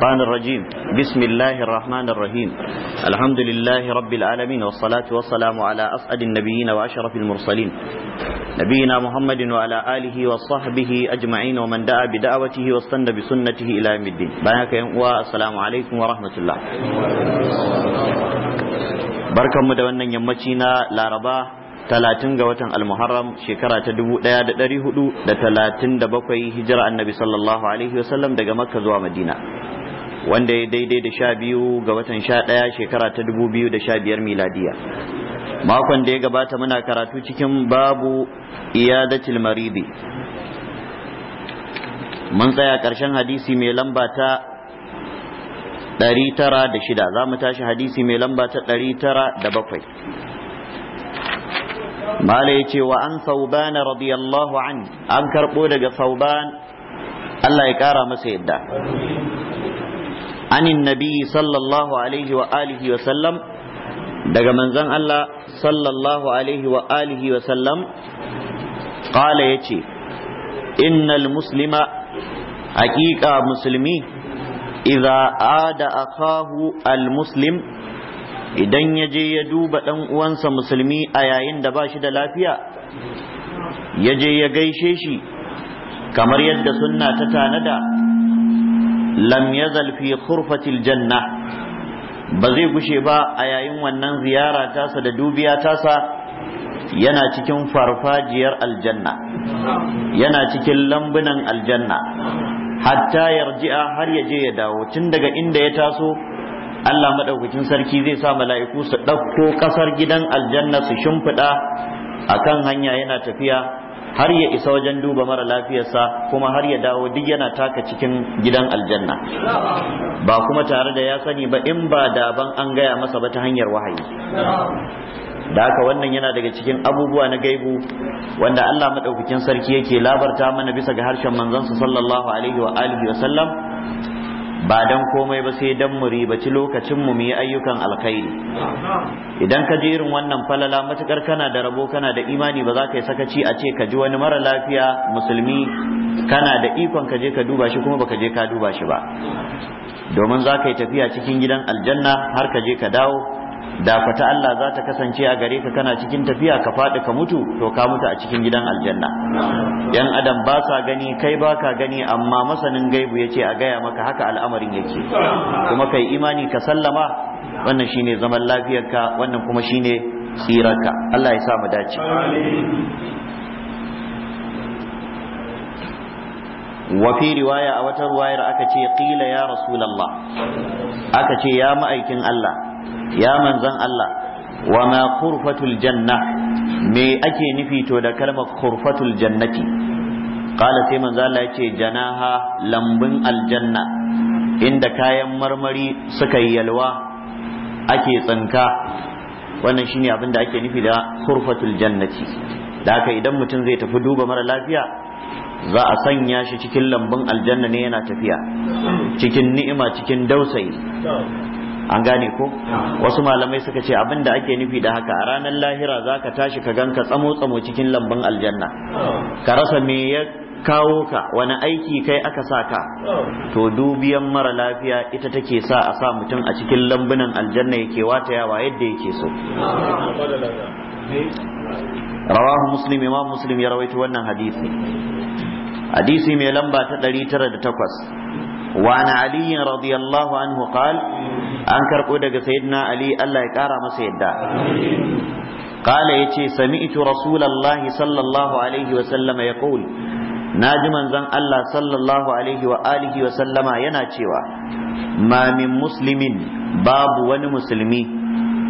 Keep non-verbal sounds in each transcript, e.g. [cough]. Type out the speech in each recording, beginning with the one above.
الشيطان الرجيم بسم الله الرحمن الرحيم الحمد لله رب العالمين والصلاة والسلام على أسعد النبيين وأشرف المرسلين نبينا محمد وعلى آله وصحبه أجمعين ومن دعا بدعوته واستنى بسنته إلى يوم الدين بارك والسلام عليكم ورحمة الله بركة مدونا يمتينا لا رباه talatin ga watan almuharram shekara ta dubu ɗaya da ɗari hudu da talatin da bakwai hijira annabi sallallahu alaihi wasallam daga makka zuwa madina wanda ya daidai da sha biyu ga watan sha ɗaya shekara ta dubu biyu da sha biyar miladiya makon da ya gabata muna karatu cikin babu tilmari maridi mun tsaya ƙarshen hadisi mai lamba ta ɗari tara da shida za mu tashi hadisi mai lamba ta ɗari tara da bakwai mala ya ce wa an saubana radiyallahu an an karɓo daga sauban Allah ya ƙara masa yadda anin nabi sallallahu alaihi wa alihi wa sallam daga manzon Allah sallallahu alaihi wa alihi wa sallam qala yace innal muslima haqiqa muslimi idza ada akahu al muslim idan yaje ya duba dan uwansa musulmi a yayin da ba shi da lafiya Yaje ya gaishe shi kamar yadda sunna ta tanada lam yazal fi khurfatil janna ba zai gushe ba a yayin wannan ziyara tasa da dubiya tasa yana cikin farfajiyar aljanna yana cikin lambunan aljanna hatta yarji'a har ya je ya dawo tun daga inda ya taso Allah madaukakin sarki zai sa mala'iku su ɗauko ƙasar gidan aljanna su shimfiɗa akan hanya yana tafiya har ya isa wajen duba mara lafiyarsa kuma har ya dawo duk yana taka cikin gidan aljanna ba kuma tare da ya sani ba in ba daban an gaya masa ba ta hanyar wahayi da haka wannan yana daga cikin abubuwa na gaibu wanda Allah madaukakin sarki yake labarta mana bisa ga harshen manzansa sallallahu alaihi wa alihi wa sallam ba dan komai ba sai dan ba ci lokacin mu yi ayyukan alkhairi idan ka wannan falala matukar kana da rabo kana da imani ba za ka yi sakaci a ce ka ji wani mara lafiya musulmi kana da ikon ka je ka duba shi kuma baka je ka duba shi ba domin za ka yi tafiya cikin gidan aljanna har ka je ka dawo Da fata Allah za ta kasance a gare ka kana cikin tafiya ka faɗi ka mutu to ka mutu a cikin gidan aljanna yan adam ba sa gani kai ba ka gani amma masanin gaibu ya ce a gaya maka haka al'amarin yake kuma kai imani ka sallama wannan shine zaman lafiyarka wannan kuma shine tsirarka Allah ya sa mu dace wafi riwaya a wata ruwayar aka ce qila ya rasulullah aka ce ya ma'aikin Allah ya manzan Allah wa ma kurfatul janna me ake nufi to da kalmar kurfatul jannati qala sai manzon Allah yace janaha lambun aljanna inda kayan marmari suka yi yalwa ake tsinka wannan shine abin da ake nufi da kurfatul jannati da haka idan mutum zai tafi duba mara lafiya za'a sanya shi cikin lambun aljanna ne yana tafiya cikin ni'ima cikin dausayi an gane ko wasu malamai suka ce abin da ake nufi da haka a ranar lahira za ka tashi ka ganka tsamo tsamo cikin lambun aljanna ka rasa me ya kawo ka wani aiki kai aka sa ka to dubiyan mara lafiya ita take sa a sa mutum a cikin lambunan aljanna yake yawa yadda yake so rawahu muslim imam muslim ya rawaito wannan hadisi hadisi mai lamba ta 908 وعن علي رضي الله عنه قال أنكر قدق سيدنا علي الله يكارى مسيدا قال يتي سمعت رسول الله صلى الله عليه وسلم يقول ناجما زن الله صلى الله عليه وآله وسلم يناتيوا ما من مسلم باب ونمسلمي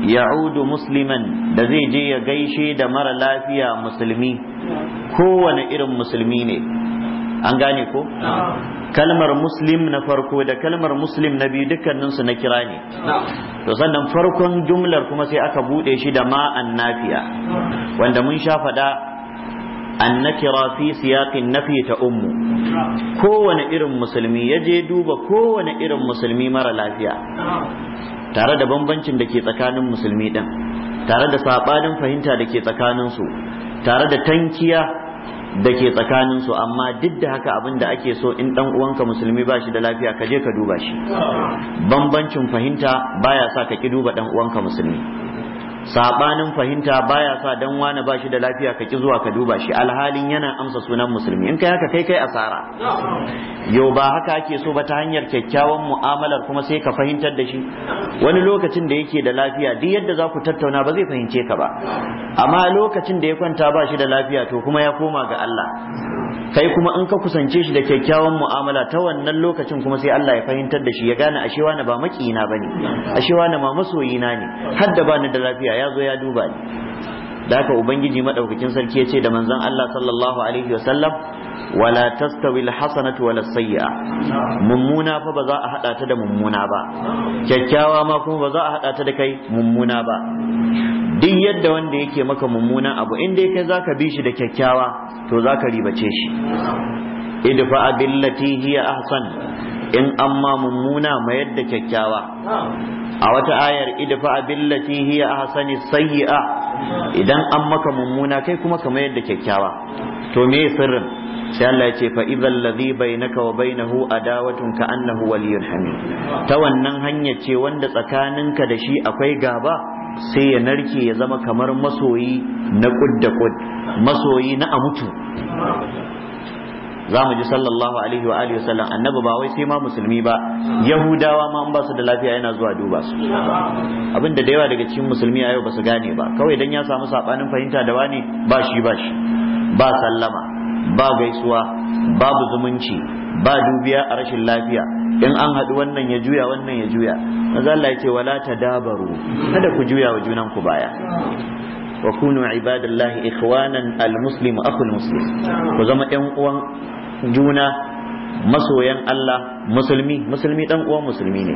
يعود مسلما da zai je ya gaishe da mara lafiya musulmi kowane irin musulmi ne an gane ko kalmar muslim na farko da kalmar muslim na biyu dukkaninsu na kira ne to sannan farkon jumlar kuma sai aka bude shi da ma'an nafiya wanda mun sha faɗa an na kira fi siyaqin nafi ta ummu kowane irin musulmi ya je duba kowane irin musulmi mara lafiya tare da bambancin da ke tsakanin musulmi ɗin tare da saɓanin fahimta da ke tsakaninsu tare da tankiya da ke tsakanin su amma duk da haka abin da ake so in dan uwanka musulmi ba shi da lafiya ka je ka duba shi bambancin fahimta baya sa ka ki duba dan uwanka musulmi sabanin fahimta baya sa dan wani shi da lafiya ka ki zuwa ka duba shi alhalin yana amsa sunan musulmi in kai haka kai kai asara yo ba haka ake so ba ta hanyar kyakkyawan mu'amalar kuma sai ka fahimtar da shi wani lokacin da yake da lafiya duk yadda za ku tattauna ba zai fahimce ka ba amma lokacin da ya kwanta ba shi da lafiya to kuma ya koma ga Allah kai kuma in ka kusance shi da kyakkyawan mu'amala ta wannan lokacin kuma sai Allah ya fahimtar da shi ya gane ashe wani ba ba bane ashe wani ma masoyina ne har da bani da lafiya lafiya ya zo ya duba ni da haka ubangiji madaukakin sarki ya ce da manzon Allah sallallahu alaihi wasallam wala tastawi alhasanatu wala sayyi'a mummuna fa ba za a hada ta da mummuna ba kyakkyawa ma kuma ba za a hada ta da kai mummuna ba duk yadda wanda yake maka mummuna abu in dai kai zaka bi shi da kyakkyawa to zaka ribace shi idfa billati hiya ahsan in an ma mummuna mayar da kyakkyawa a wata ayar idfa billati hiya ahsani sayyi'a idan an maka mummuna kai kuma ka mayar da kyakkyawa to me sirrin sai Allah ya ce fa idhal ladhi bainaka wa bainahu adawatun ka annahu waliyyun hamid ta wannan hanya ce wanda tsakaninka da shi akwai gaba sai ya narke ya zama kamar masoyi na kud da kud masoyi na amutu za mu ji sallallahu alaihi wa alihi wasallam annabi ba wai sai ma musulmi ba yahudawa ma an ba su da lafiya yana zuwa duba su abinda da yawa daga cikin musulmi a yau ba su gane ba kawai dan ya samu sabanin fahimta da wani ba shi ba shi ba sallama ba gaisuwa babu zumunci ba dubiya a rashin lafiya in an haɗu wannan ya juya wannan ya juya maza Allah ya ce wala dabaru. kada ku juya wa junan ku baya wa kunu ibadallahi ikhwanan almuslim akhul muslim ku zama ɗan uwan juna masoyan Allah musulmi musulmi dan uwan musulmi ne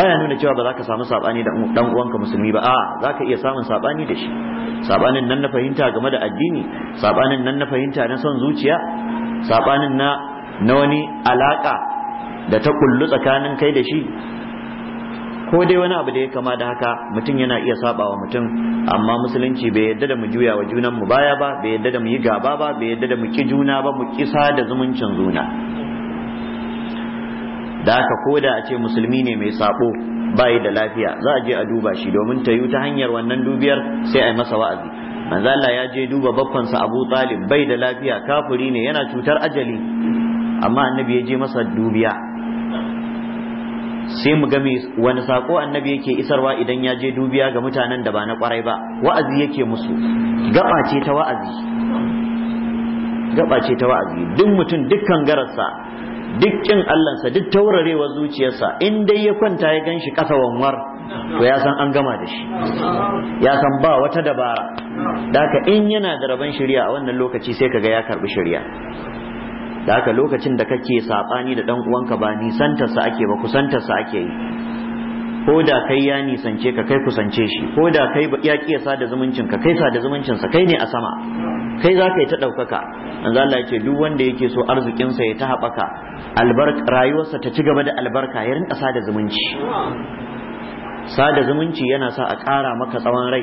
baya nuna cewa ba za ka samu sabani da dan uwanka musulmi ba a za ka iya samun sabani da shi sabanin nan na fahimta game da addini sabanin nan na fahimta na son zuciya sabanin na na wani alaka da ta kullu tsakanin kai da shi ko dai wani abu da ya kama da haka mutum yana iya saba wa mutum amma musulunci bai yadda da mu juya wa junan mu baya ba bai yadda da mu yi gaba ba bai yadda da mu ki juna ba mu kisa da zumuncin juna da haka ko da a ce musulmi ne mai sabo bai da lafiya za a je a duba shi domin ta yi ta hanyar wannan dubiyar sai a yi masa wa'azi Manzala ya je duba sa Abu Talib bai da lafiya kafuri ne yana cutar ajali amma annabi ya je masa dubiya sai mu ga wani sako annabi yake isarwa idan ya je dubiya ga mutanen da ba na kwarai ba wa'azi yake musu gaba ce ta wa'azi gaba ce ta wa'azi duk mutum dukkan garasa duk kin allansa duk taurarewa zuciyarsa in dai ya kwanta ya ganshi shi kasa wanwar to ya san an gama da shi ya san ba wata dabara da in yana da rabon shari'a a wannan lokaci sai kaga ya karbi shari'a da haka lokacin da kake saɓani da ɗan uwanka ba sa ake ba sa ake yi ko da kai ya nisance ka kai kusance shi ko da kai ya kiyasa da zumuncin ka kai sa da zumuncin sa kai ne a sama kai za ka yi ta ɗaukaka manzo Allah ya ce duk wanda yake so arzikin sa ya ta haɓaka albarka rayuwarsa ta ci gaba da albarka ya rinka sa da zumunci sa da zumunci yana sa a kara maka tsawon rai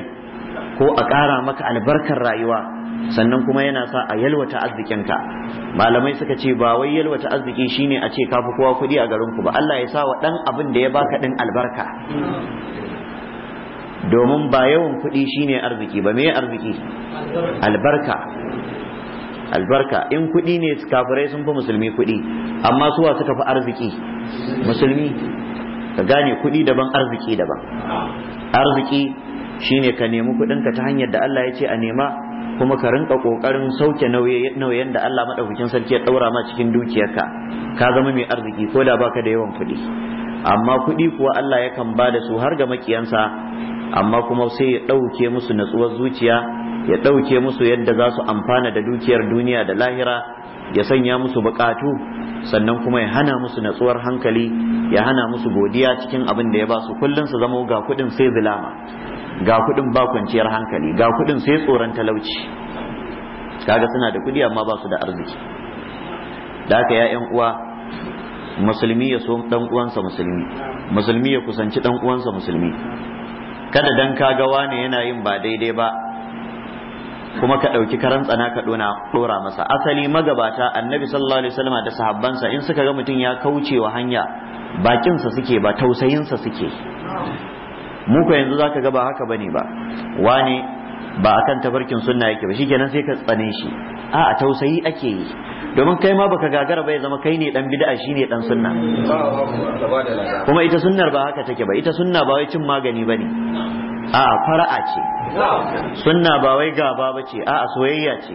ko a ƙara maka albarkar rayuwa sannan kuma yana sa a yalwata arzikinka malamai suka ce ba wai yalwata arziki shine a ce kafi kowa kuɗi a ku ba Allah ya sa wa ɗan abin da ya baka ɗin albarka domin ba yawan kuɗi shine arziki ba me arziki albarka albarka in kuɗi ne kafirai sun fi musulmi kuɗi amma suwa suka fi arziki musulmi ka gane kuɗi daban arziki daban arziki shine ka nemi kuɗinka ta hanyar da Allah ya ce a nema kuma ka rinka kokarin sauke nauyen da Allah madaukakin sarki ya daura ma cikin dukiyarka ka zama mai arziki ko da baka da yawan kuɗi amma kuɗi kuwa Allah yakan ba da su har ga makiyansa amma kuma sai ya ɗauke musu natsuwar zuciya ya ɗauke musu yadda za su amfana da dukiyar duniya da lahira ya sanya musu bukatu sannan kuma ya hana musu natsuwar hankali ya hana musu godiya cikin abin da ya ba su kullum su zama ga kuɗin sai zulama ga kuɗin ba kwanciyar hankali ga kuɗin sai tsoron talauci kaga suna da kuɗi amma ba su da arziki da haka ya yan uwa musulmi ya so dan uwansa musulmi musulmi ya kusanci dan uwansa musulmi kada dan kaga wani yana yin ba daidai ba kuma ka ɗauki karan tsana ka ɗona ɗora masa asali magabata annabi sallallahu alaihi wasallam da sahabbansa in suka ga mutum ya kauce wa hanya bakinsa suke ba tausayinsa suke mu yanzu zaka ga ba haka bane ba wani ba akan tafarkin sunna yake ba shikenan sai ka tsane shi a a tausayi ake yi domin kai ma baka gagara ba ya zama kai ne dan bid'a shine dan sunna kuma ita sunnar ba haka take ba ita sunna ba wai cin magani bane a fara'a ce sunna ba wai gaba ba ce a soyayya ce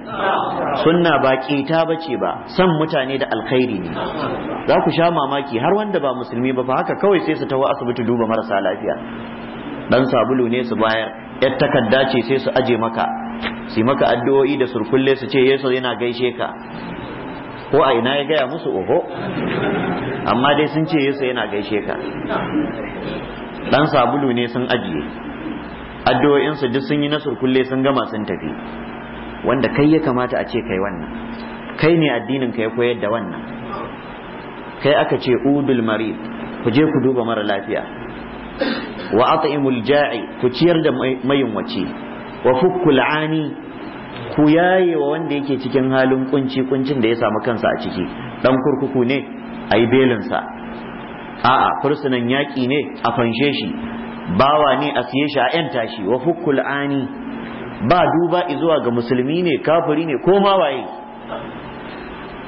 sunna ba ƙeta ba ce ba san mutane da alkhairi ne za ku sha mamaki har wanda ba musulmi ba fa haka kawai sai su taho asibiti duba marasa lafiya dan sabulu ne su bayar yar takarda ce sai su aje maka su maka addu'o'i da surkulle su ce yesu yana gaishe ka ko a ina ya gaya musu oho amma dai sun ce yesu yana gaishe ka dan sabulu ne sun ajiye addu'o'insu duk sun yi na surkulle sun gama sun tafi wanda kai ya kamata a ce kai wannan kai ne addinin ka ya koyar da wannan kai aka ce udul marid ku je ku duba mara lafiya wa at'imul ja'i ku ciyar da mayunwaci wa fukkul ani ku yaye wa wanda yake cikin halin kunci kuncin da ya samu kansa a ciki dan kurkuku ne a yi belinsa a'a fursunan yaƙi ne a fanshe shi bawa ne a siye shi a 'yanta tashi. wa fukkul ani ba duba izuwa ga musulmi ne kafiri ne ko ma waye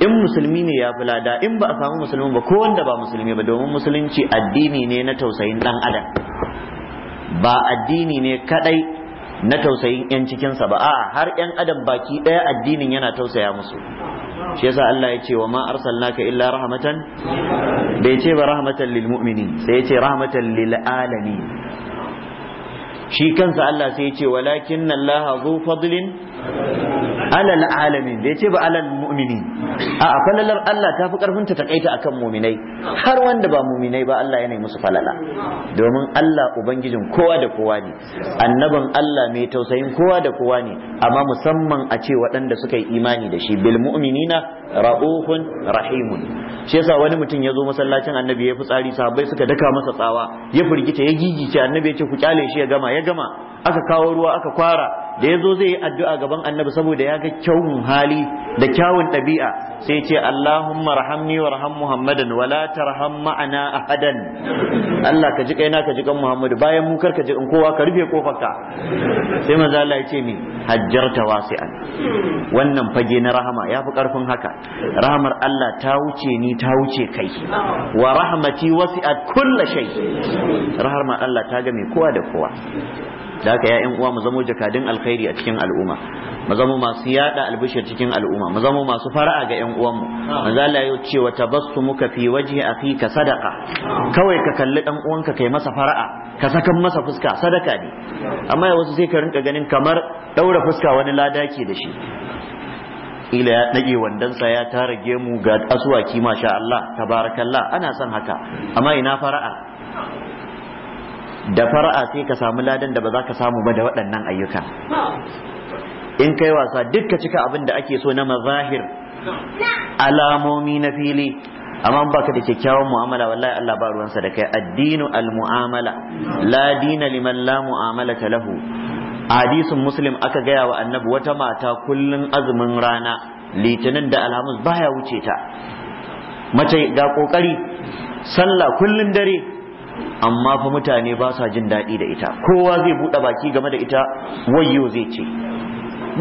in musulmi ne ya da in ba a samu musulmi ba ko wanda ba musulmi ba domin musulunci addini ne na tausayin dan adam ba addini ne kadai na tausayin yan cikinsa ba a'a har yan adam baki daya addinin yana tausaya musu shi yasa Allah ya ce wa ma arsalnaka illa rahmatan bai ce ba rahmatan lil mu'minin sai ya ce rahmatan lil alamin shi kansa Allah sai ya ce walakin Allah zu fadlin alal alamin bai ce ba alal mu'minin a'a falalar Allah ta fi karfin ta takaita akan mu'minai har wanda ba mu'minai ba Allah yana musu falala domin Allah ubangijin kowa da kowa ne annaban Allah mai tausayin kowa da kowa ne amma musamman a ce waɗanda suka yi imani da shi bil mu'minina ra'ufun rahimun shi yasa wani mutum ya zo masallacin annabi ya fi tsari sahabbai suka daka masa tsawa ya firgita ya gigice annabi ya ce ku kyale shi ya gama ya gama aka kawo ruwa aka kwara da ya zo zai yi addu'a gaban annabi saboda ya ga kyawun hali da kyawun ɗabi'a sai ce Allahumma rahamni wa raham Muhammadan wa la tarham ma'ana ahadan Allah ka ji kaina ka ji kan Muhammadu bayan mu karka ji in kowa ka rufe kofarka sai manzo Allah ya ce min hajjarta wasi'an wannan fage na rahama ya fi karfin haka rahamar Allah ta wuce ni ta wuce kai wa rahmati wasi'at kullu shay rahamar Allah ta ga mai kowa da kowa da haka ya uwa mu zamo jakadun alkhairi a cikin al'umma mu zamo masu yada albishir cikin al'umma mu zamo masu fara'a ga yan uwanmu manzo Allah ya ce wa muka fi wajhi ka sadaqa kawai ka kalli dan uwanka kai masa fara'a ka sakan masa fuska sadaka ne amma wasu sai ka rinka ganin kamar ɗaura fuska wani lada ke da shi ila ya ɗage wandonsa ya tara gemu ga asuwaki masha Allah tabarakallah ana son haka amma ina fara'a da fara'a sai ka samu ladan da ba za ka samu ba da waɗannan ayyuka in kai wasa dukka cika abin da ake so na mazahir alamomi na fili amma baka da kyakkyawan mu'amala wallahi Allah ba ruwansa da kai addinu almu'amala la dina liman la ta lahu hadisin muslim aka gaya wa annabi wata mata kullun azumin rana litinin da alhamis baya wuce ta mace ga kokari sallah kullun dare amma fa mutane ba sa jin daɗi da ita kowa zai buɗe baki game da ita wayyo zai ce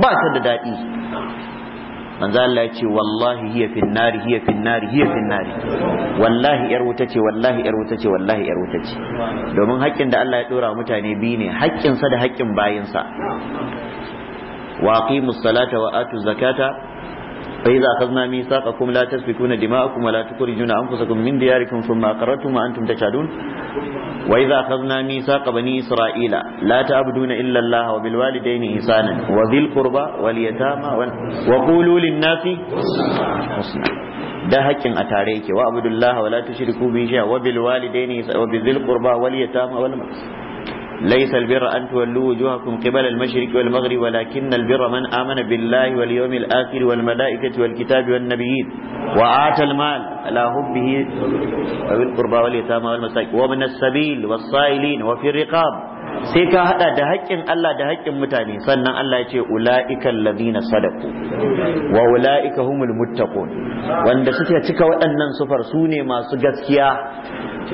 ba ta da daɗi manzo Allah ya ce wallahi hiya fin nari hiya fin nari hiya fin nari wallahi yar wuta ce wallahi yar wuta ce wallahi yar wuta ce domin haƙƙin da Allah ya dora mutane biyu ne haƙƙin sa da haƙƙin bayinsa wa aqimus salata wa atuz zakata فإذا أخذنا ميثاقكم لا تسفكون دماءكم ولا تخرجون أنفسكم من دياركم ثم أقررتم وأنتم تشهدون وإذا أخذنا ميثاق بني إسرائيل لا تعبدون إلا الله وبالوالدين إحسانا وذي القربى واليتامى وقولوا للناس حسنا da hakkin a tare yake wa abdullahi wala tushriku bihi wa bil walidaini wa bil qurba wal yatama wal ليس البر أن تولوا وجوهكم قبل المشرق والمغرب ولكن البر من آمن بالله واليوم الآخر والملائكة والكتاب والنبيين وآتى المال على حبه وذي القربى واليتامى والمساكين ومن السبيل والصائلين وفي الرقاب sai ka hada da haƙƙin Allah da haƙƙin mutane sannan Allah ya ce ula'ika alladhina sadaqu wa ula'ika humul muttaqun wanda suka cika waɗannan sufar su ne masu gaskiya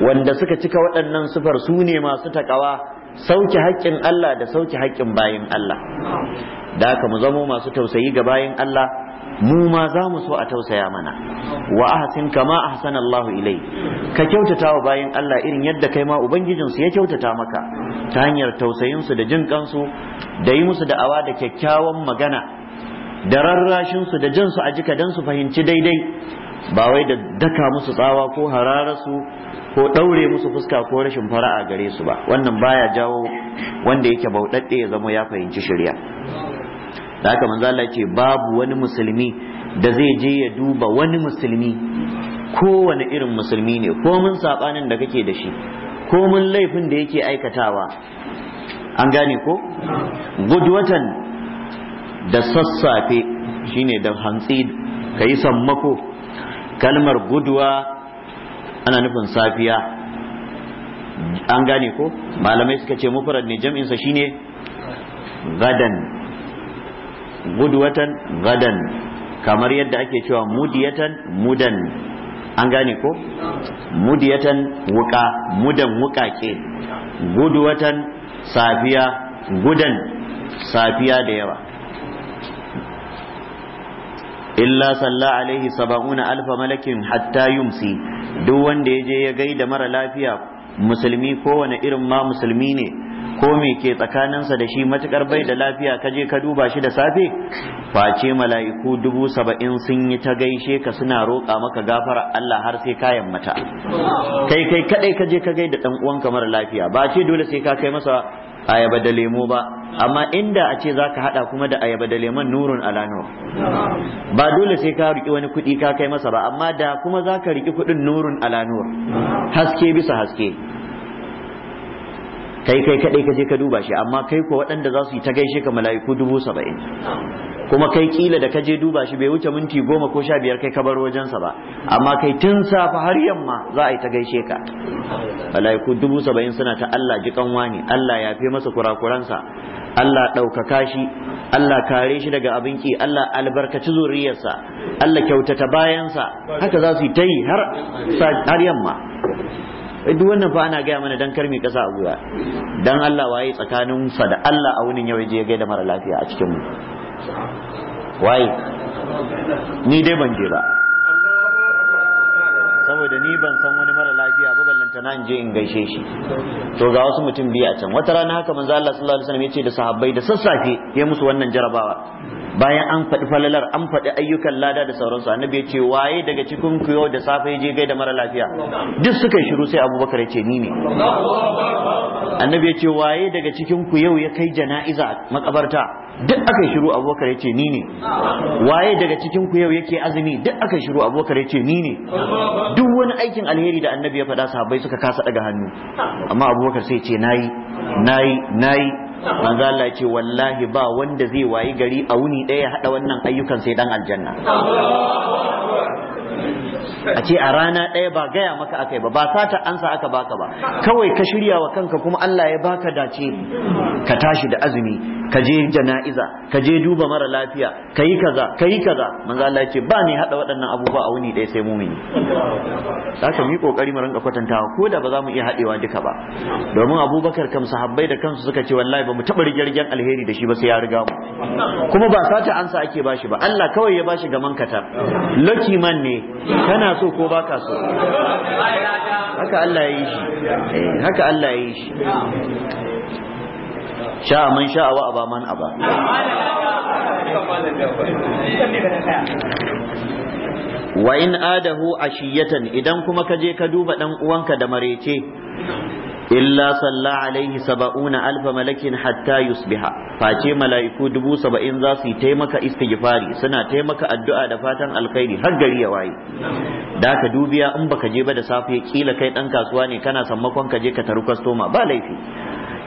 wanda suka cika waɗannan sufar su ne masu takawa sauke haƙƙin Allah da sauke haƙƙin bayin Allah da aka mu zamo masu tausayi ga bayin Allah mu ma za mu so a tausaya mana wa ahsin kama ahsana Hassanallahu ilai ka kyautata wa bayin Allah irin yadda kai ma ubangijin su ya kyautata maka ta hanyar tausayin su da jin kansu da yi musu da'awa da kyakkyawan magana da rarrashin su da jin su a jika dan su fahimci daidai ba wai da daka musu tsawa ko su. ko ɗaure musu fuska ko rashin fara'a gare su ba wannan baya jawo wanda yake bauɗaɗɗe ya zama ya fahimci shari'a da haka manzo Allah ce babu wani musulmi da zai je ya duba wani musulmi kowane irin musulmi ne ko mun sabanin da kake da shi ko mun laifin da yake aikatawa an gane ko gudwatan da sassafe shine da hantsi kayi sammako kalmar gudwa ana nufin safiya an gane ko malamai suka ce mufrad ne jam'in sa shine gadan gudwatan gadan kamar yadda ake cewa mudiyatan mudan an gane ko mudiyatan wuka mudan wukake gudwatan safiya gudan safiya da yawa illa صلى alaihi saba'una alfa malakin hatta يمسي duk wanda ya je ya gaida mara lafiya musulmi kowane irin ma musulmi ne ko me ke tsakaninsa da shi matukar bai da lafiya ka je ka duba shi da safe face mala'iku dubu saba'in sun yi ta gaishe ka suna roƙa maka gafara Allah har sai ka yammata kai kai kadai ka je ka gaida dan uwanka mara lafiya ba ce dole sai ka kai masa ayaba da lemo ba amma inda a ce za ka haɗa kuma da ayaba da lemon nurun alanur ba dole sai ka riƙi wani kuɗi ka kai masa ba amma da kuma za ka riƙi kuɗin nurun alanur haske bisa haske kai kai kadai ka je ka duba shi amma kai ko waɗanda za su yi ta gaishe ka mala'iku dubu saba'in kuma kai kila da ka je duba shi bai wuce minti goma ko sha biyar kai ka bar wajensa ba amma kai tun safa har yamma za a yi ta gaishe ka mala'iku dubu saba'in suna ta Allah ji kanwa ne Allah ya fi masa sa Allah ɗaukaka shi Allah kare shi daga abin ki Allah albarkaci zuriyarsa Allah kyautata bayansa haka za su yi ta yi har yamma duk wannan fa ana gaya mana dan karmi kasa a guya dan Allah waye tsakanin sa da Allah a wunin yau je ya gaida mara lafiya a cikin mu waye ni dai ban je ba saboda ni ban san wani mara lafiya ba na nan je in gaishe shi to ga wasu mutum biyu a can wata rana haka manzo Allah sallallahu alaihi wasallam ya ce da sahabbai da sassafe ya musu wannan jarabawa bayan an faɗi falalar an faɗi ayyukan lada da sauransu annabi ya ce waye daga cikin ku yau da safe ya je gaida mara lafiya duk suka yi shiru sai Abubakar ya ce ni ne annabi ya ce waye daga cikin ku yau ya kai jana'iza makabarta duk aka yi shiru Abubakar ya ce ni ne waye daga cikin ku yau yake azumi duk aka yi shiru Abubakar ya ce ni ne duk wani aikin alheri da annabi ya faɗa sahabbai suka kasa daga hannu amma abubakar sai ce nayi nayi nayi manzo Allah ya ce wallahi ba wanda zai wayi gari a wuni ɗaya ya hada wannan ayyukan sai dan aljanna a ce a rana ɗaya ba gaya maka akai ba ba sata ansa aka baka ba kawai ka shirya wa kanka kuma Allah ya baka dace ka tashi da azumi ka je jana'iza ka je duba mara lafiya ka yi kaza ka yi kaza manzo Allah ce ba ni hada waɗannan abubuwa a wuni ɗaya sai mumini haka mi kokari mu rinka kwatantawa ko da ba za mu iya hadewa duka ba domin Abubakar kam sahabbai da kansu suka ce wallahi ba mu taba rigirgen alheri da shi ba sai ya riga mu kuma ba sata ansa ake bashi ba Allah kawai ya bashi ga mankata. lucky man ne kana so ko baka so haka Allah ya yi shi eh, haka Allah ya yi shi sha'a man sha'a wa ba man aba wa in adahu ashiyatan idan kuma kaje ka duba dan uwanka da marece illa salla alaihi saba'una alfa malakin hatta yusbiha face mala'iku dubu saba'in za su yi taimaka istighfari suna taimaka addu'a da fatan alkhairi har gari ya waye da ka dubiya in baka je ba da safe kila kai dan kasuwa ne kana sammakon ka je ka taru kwastoma ba laifi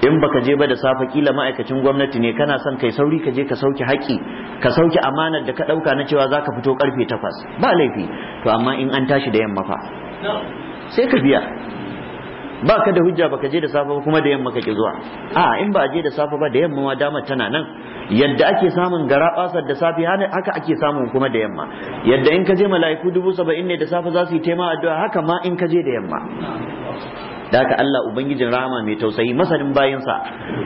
in baka je ba da safa kila ma'aikacin gwamnati ne kana son kai sauri ka je ka sauke haƙi ka sauke amanar da ka ɗauka na cewa za ka fito karfe takwas ba laifi to amma in an tashi da yamma fa sai ka biya ba ka da hujja baka je da safa ba kuma da yamma ka zuwa a in ba a je da safa ba da yamma ma damar tana nan yadda ake samun gara basar da safe haka ake samun kuma da yamma yadda in ka je mala'iku dubu saba'in ne da safa za su yi taima addu'a haka ma in ka je da yamma da Allah ubangijin rama mai tausayi masanin bayansa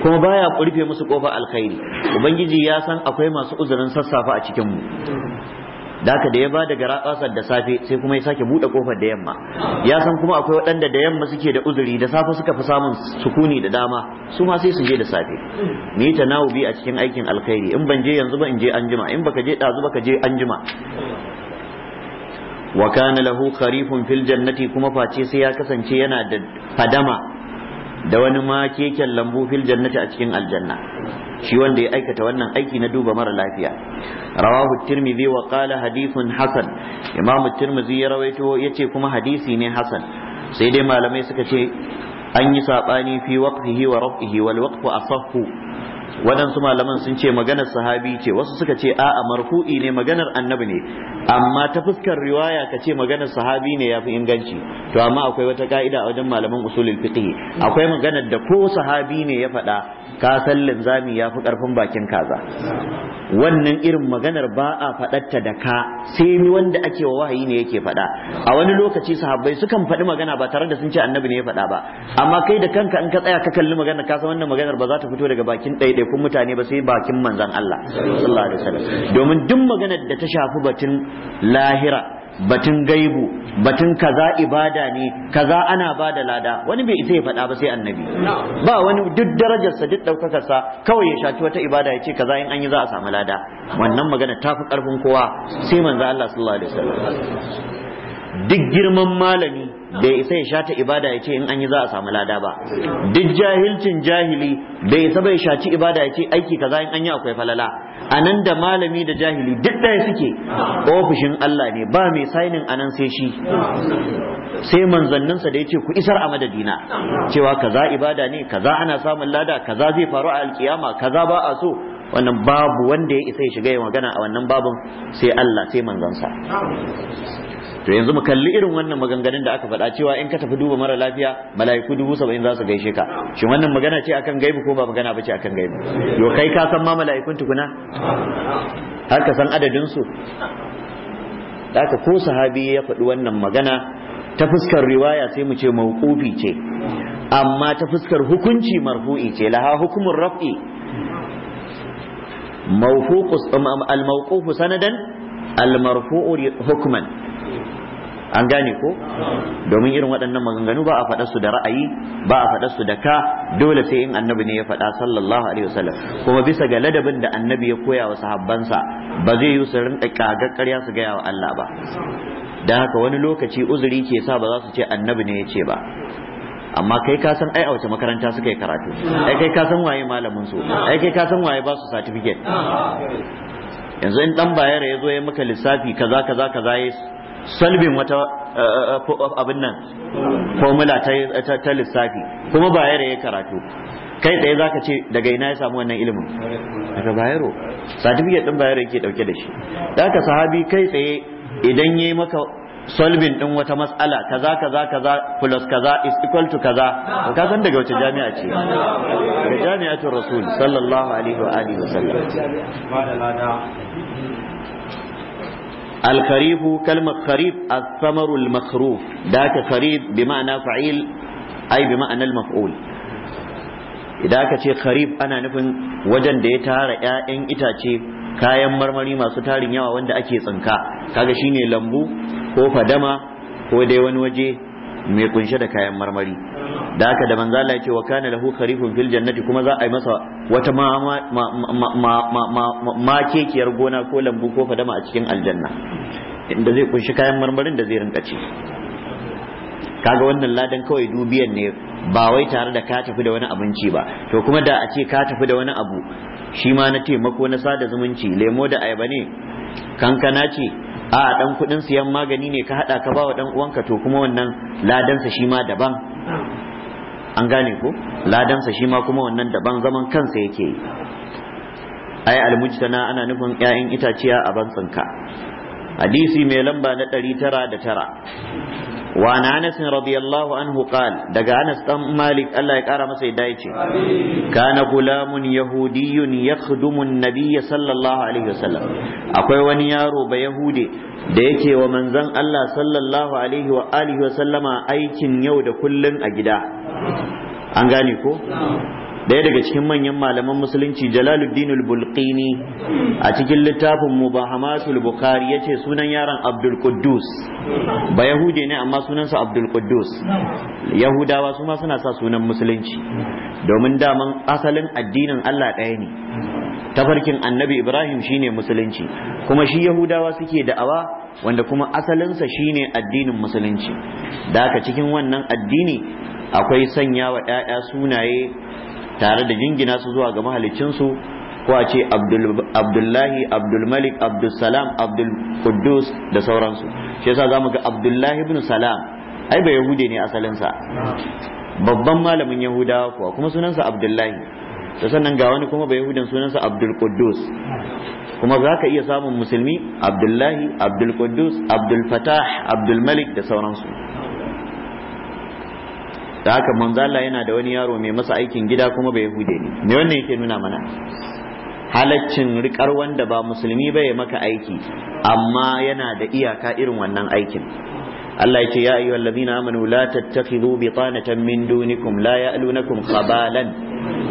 kuma baya kurfe musu kofar alkhairi ubangiji ya san akwai masu uzurin sassafa a cikin mu da da ya ba da da safe sai kuma ya sake buɗe kofar da yamma ya san kuma akwai waɗanda da yamma suke da uzuri da safe suka fi samun sukuni da dama su ma sai su je da safe ni ta nawubi a cikin aikin alkhairi in ban je yanzu ba in je anjima in baka je ɗazu baka je anjima wa kana lahu kharifun fil jannati kuma face sai ya kasance yana da fadama da wani ma keken lambu fil jannati a cikin aljanna shi wanda ya aikata wannan aiki na duba mara lafiya rawahu tirmidhi wa qala hadithun hasan imam tirmidhi ya rawaito yace kuma hadisi ne hasan sai dai malamai suka ce an yi sabani fi waqfihi wa rafihi wal waqfu asahhu waɗansu malaman sun ce maganar sahabi ce wasu suka ce a'a marfu'i ne maganar annabi ne amma ta fuskar riwaya ka ce maganar sahabi ne ya fi inganci to amma akwai wata ka'ida a wajen malaman usulul fiqh akwai maganar da ko sahabi ne ya faɗa ka san linzami ya fi ƙarfin bakin kaza wannan irin maganar ba a faɗatta da ka sai ni wanda ake wa wahayi ne yake faɗa a wani lokaci sahabbai sukan faɗi magana ba tare da sun ce annabi ne ya faɗa ba amma kai da kanka in ka tsaya ka kalli magana ka san wannan maganar ba za ta fito daga bakin ɗaiɗaikun mutane ba sai bakin manzon Allah sallallahu alaihi wasallam domin duk maganar da ta shafi batun lahira batun gaibu batun kaza ibada ne kaza ana ba da lada wani bai isa ya faɗa ba sai annabi ba wani duk darajarsa duk ɗaukakarsa kawai ya shaci wata ibada ya ce kaza in an yi za a samu lada wannan magana ta fi ƙarfin kowa sai manzo Allah sallallahu alaihi wasallam duk girman malami bai isa ya shata ibada ya ce in an yi za a samu lada ba duk jahilcin jahili bai isa bai shaci ibada ya ce aiki kaza in an yi akwai falala Anan da malami da jahili duk ɗaya suke ofishin Allah ne ba mai sainin anan sai shi sai manzanninsa da ya ce ku isar a madadina cewa kaza ibada ne kaza ana samun lada kaza zai faru a alkiyama kaza ba a so wannan babu wanda ya isa ya shiga yin magana a wannan babun sai Allah sai manzansa to yanzu mu kalli irin wannan maganganun da aka faɗa cewa in ka tafi duba mara lafiya mala'iku dubu saba'in za su gaishe ka shi wannan magana ce akan gaibu ko ba magana ba ce akan gaibu yo kai ka san ma mala'ikun tukuna har ka san adadin su da aka ko sahabi ya faɗi wannan magana ta fuskar riwaya sai mu ce mawqufi ce amma ta fuskar hukunci marfu'i ce laha hukumun raf'i mawqufu um, um, al-mawqufu sanadan al-marfu'u hukman an gane ko domin irin waɗannan maganganu ba a faɗa su da ra'ayi ba a faɗa su da ka dole sai in annabi ne ya faɗa sallallahu alaihi wasallam kuma bisa ga ladabin da annabi ya koya wa sahabbansa ba zai yi su rinka kagar su gaya wa Allah ba da haka wani lokaci uzuri ke sa ba za su ce annabi ne ya ce ba amma kai ka san ai a wace makaranta suka yi karatu ai kai ka san waye malamin su ai kai ka san waye ba su certificate yanzu in dan bayar ya zo ya maka lissafi kaza kaza kaza ya salbin wata eh, eh, eh, abin nan formula ta lissafi kuma bayero ya karatu kai tsaye za ka ce daga ina ya samu wannan ilimin daga bayero certificate din bayero yake dauke da shi da haka sahabi kai tsaye idan yayi maka solving din wata mas'ala kaza kaza kaza plus kaza is equal to kaza ka san daga wace jami'a ce daga jami'atul rasul sallallahu alaihi wa alihi wa sallam alkharifu kalmar kharif as-samarul makhruf da ka kharif bi ma'ana fa'il ai maful idan aka ce kharif ana nufin wajen da ya tara 'ya'yan itace kayan marmari masu tarin yawa wanda ake tsinka kaga shine lambu ko fadama ko dai wani waje mai kunshe da kayan marmari da haka da manzo Allah yake wa kana lahu kharifun fil jannati kuma za a yi masa wata ma kekiyar gona ko lambu ko fadama a cikin aljanna inda zai kunshi kayan marmarin da zai rinka ci kaga wannan ladan kawai dubiyan ne ba wai tare da ka tafi da wani abinci ba to kuma da a ce ka tafi da wani abu shi ma na taimako na sada zumunci lemo da ayaba ne kankana ce a dan kudin siyan magani ne ka hada ka ba wa dan uwanka to kuma wannan ladansa shi ma daban an gane ko ladansa shi ma kuma wannan daban zaman kansa yake yi ai almujtana ana nufin ƴaƴan itaciya a bantsinka hadisi mai lamba na ɗari tara da tara wa na anas radiyallahu anhu qal daga anas dan malik Allah ya kara masa yadda yace kana gulamun Yahudiyun yakhdumu an-nabiy sallallahu alaihi wasallam akwai wani yaro ba yahude da yake wa manzon Allah sallallahu alaihi wa alihi wasallama aikin yau da kullun a gida an gane ko daya daga cikin manyan malaman musulunci jalaluddin bulqini a cikin littafin mubahamatul bukhari yace sunan yaron abdul quddus ba yahude ne amma sunansa abdul quddus yahudawa su ma suna sa sunan musulunci domin daman asalin addinin allah ɗaya ne tafarkin annabi ibrahim shine musulunci kuma shi yahudawa suke da'awa wanda kuma asalinsa shine addinin musulunci da cikin wannan addini akwai sanya wa ‘ya'ya sunaye tare da jingina su zuwa ga mahalicinsu ko a ce abdullahi abdulmalik abdulsalam abdulkudus da sauransu shi yasa zamu ga abdullahi ibn salam ai ba yahude ne asalinsa babban malamin yahudawa kuwa kuma sunansa abdullahi da sannan ga wani kuma ba yahudan sunansa abdulkudus kuma za ka iya samun musulmi abdullahi abdulkudus abdulfatah abdulmalik da sauransu da haka manzo Allah yana da wani yaro mai masa aikin gida kuma bai hude ne me wannan yake nuna mana halaccin rikar wanda ba musulmi ba ya maka aiki amma yana da iyaka irin wannan aikin Allah yake ya ayyuhal ladina amanu la tattakhidhu bitanatan min dunikum la ya'lunakum khabalan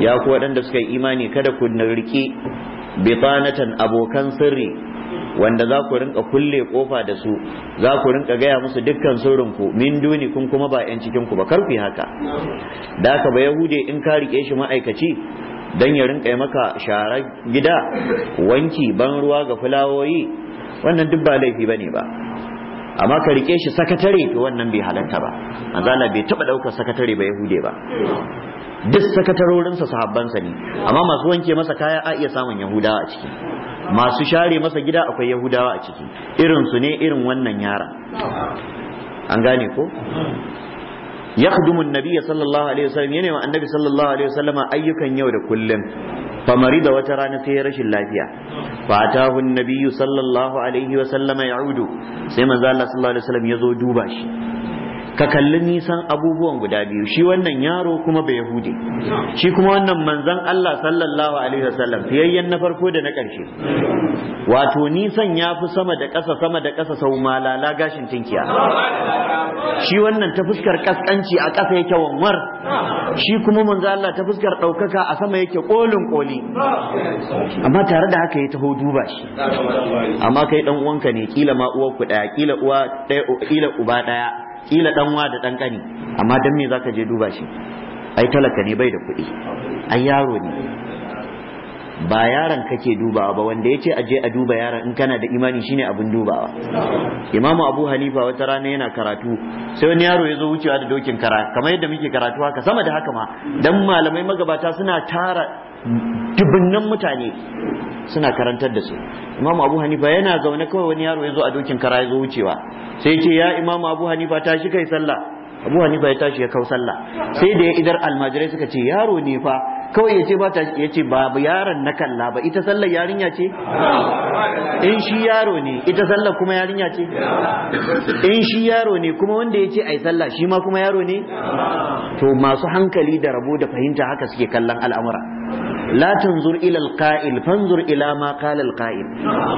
ya ku waɗanda suka yi imani kada ku riki bitanatan abokan sirri wanda za ku rinka kulle kofa da su za ku rinka gaya musu dukkan sirrinku min duni kun kuma ba yan cikin ku ba kar ku yi haka da ka ba yahude in ka rike shi ma'aikaci dan ya rinka maka sharar gida wanki ban ruwa ga fulawoyi wannan duk ba laifi bane ba amma ka rike shi sakatare to wannan bai halatta ba manzala bai taba daukar sakatare ba yahude ba duk sakatarorinsa sahabbansa ne amma masu wanke masa kaya a iya samun yahudawa a ciki masu share masa gida akwai yahudawa a ciki irin su ne irin wannan yara an gane ko ya an-nabiy sallallahu alaihi wasallam yana wa annabi sallallahu alaihi wasallama ayyukan yau da kullum famari da wata rana sai rashin lafiya fatahu an-nabiy sallallahu alaihi wasallama ya'udu sai manzo Allah sallallahu alaihi wasallam ya zo duba shi ka kalli nisan abubuwan guda biyu shi wannan yaro kuma bai hude shi kuma wannan manzan Allah sallallahu alaihi wasallam fiyayyen na farko da na ƙarshe wato nisan ya fi sama da ƙasa sama da ƙasa sau malala gashin tinkiya shi wannan ta fuskar ƙasƙanci a ƙasa yake wanwar shi kuma manzan Allah ta fuskar ɗaukaka a sama yake ƙolin ƙoli amma tare da haka ya taho duba shi amma kai ɗan uwanka ne kila ma uwa ɗaya kila kila uba ɗaya kila wa da dan kani amma dan me zaka je duba shi ai talaka ne bai da kuɗi ai yaro ne ba yaron kake dubawa ba wanda yace aje a duba yaron in kana da imani shine abin dubawa imamu abu hanifa wata rana yana karatu sai wani yaro ya zo wucewa da dokin kara kamar yadda muke karatu haka sama da haka ma dan malamai magabata suna tara dubunnan mutane suna karantar da su imamu abu hanifa yana zaune kawai wani yaro ya zo a dokin kara ya zo wucewa sai ya ce ya imamu abu hanifa tashi kai sallah abu hanifa ya tashi ya kau sallah sai da ya idar almajirai suka ce yaro ne fa kawai ya ce ba ta ya ce ba yaron na kalla ba ita sallar yarinya ce in shi yaro ne ita sallar kuma yarinya ce in shi yaro ne kuma wanda ya ce ai sallah shi ma kuma yaro ne to masu hankali da rabo da fahimta haka suke kallon al'amura la tanzur ila alqa'il fanzur ila ma qala alqa'il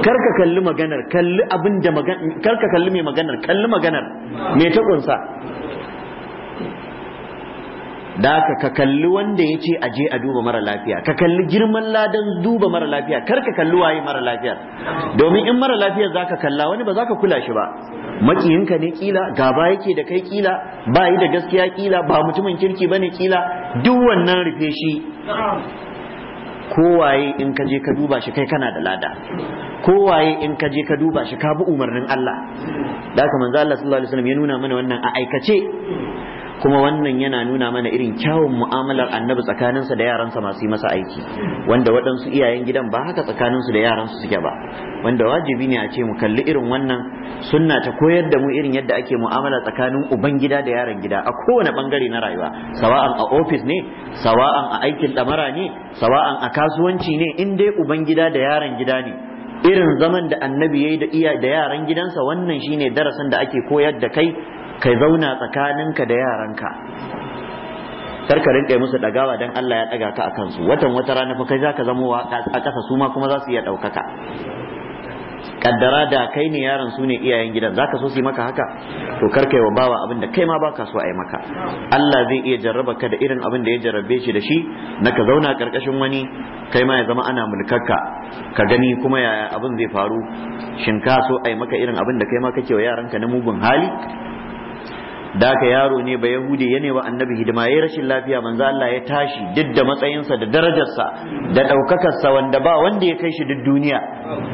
karka kalli maganar kalli abin da maganar karka kalli mai maganar kalli maganar me ta kunsa da ka kalli wanda ya ce aje a duba mara lafiya ka kalli girman ladan duba mara lafiya kar ka kalli waye mara lafiyar domin in mara lafiyar zaka kalla wani ba zaka kula shi ba makiyinka ne kila gaba yake da kai kila ba yi da gaskiya kila ba mutumin kirki ba ne kila duk wannan rufe shi kowaye in ka je ka duba shi kai kana da lada kowaye in ka je ka duba shi ka bi umarnin Allah da haka manzo Allah sallallahu alaihi wasallam ya nuna mana wannan a aikace kuma wannan yana nuna mana irin kyawun mu'amalar annabi tsakaninsa da yaransa masu yi masa aiki wanda waɗansu iyayen gidan ba haka tsakaninsu da yaransu suke ba wanda wajibi ne a ce mu kalli irin wannan sunna ta koyar da mu irin yadda ake mu'amala tsakanin uban gida da yaran gida a kowane bangare na rayuwa sawa'an a ofis ne sawa'an a aikin ɗamara ne sawa'an a kasuwanci ne in dai uban gida da yaran gida ne irin zaman da annabi ya yi da yaran gidansa wannan shine darasin da ake koyar da kai kai zauna tsakaninka da yaranka karka ka musu dagawa dan Allah ya daga ka akan su watan wata rana fa kai za ka zama a kasa su ma kuma za su iya daukaka kaddara da kai ne yaran su ne iyayen gidan za ka so su yi maka haka to kar kai wa bawa abin da kai ma baka so a yi maka Allah zai iya jarraba ka da irin abin da ya jarrabe shi da shi na ka zauna karkashin wani kai ma ya zama ana mulkarka ka gani kuma yaya abin zai faru shin ka so a yi maka irin abin da kai ma kake wa yaranka na mugun hali da ka yaro ne ba yahudi ya wa annabi hidima ya rashin lafiya manzo Allah ya tashi duk da matsayinsa da darajarsa da ɗaukakarsa wanda ba wanda ya kai shi duk duniya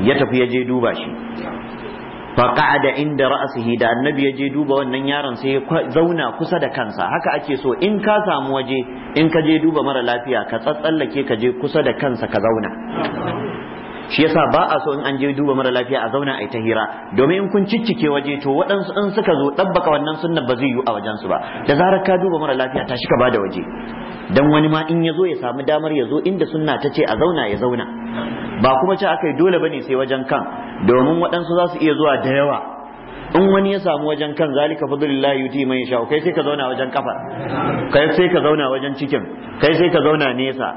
ya tafi ya je duba shi faqa'ada inda ra'sihi da annabi ya je duba wannan yaron sai ya zauna kusa da kansa haka ake so in ka samu waje in ka je duba mara lafiya ka tsatsallake ka je kusa da kansa ka zauna shi yasa ba a so in an je duba mara lafiya a zauna a yi ta hira domin in kun ciccike waje to waɗansu in suka zo ɗabbaka wannan sunna ba zai yiwu a wajensu ba da zarar ka duba mara lafiya ta shi ka bada waje dan wani ma in ya zo ya samu damar ya zo inda sunna ta ce a zauna ya zauna ba kuma ce aka yi dole bane sai wajen kan domin waɗansu za su iya zuwa da yawa in wani ya samu wajen kan zalika fadlillahi yuti man yasha kai sai ka zauna wajen kafa kai sai ka zauna wajen cikin kai sai ka zauna nesa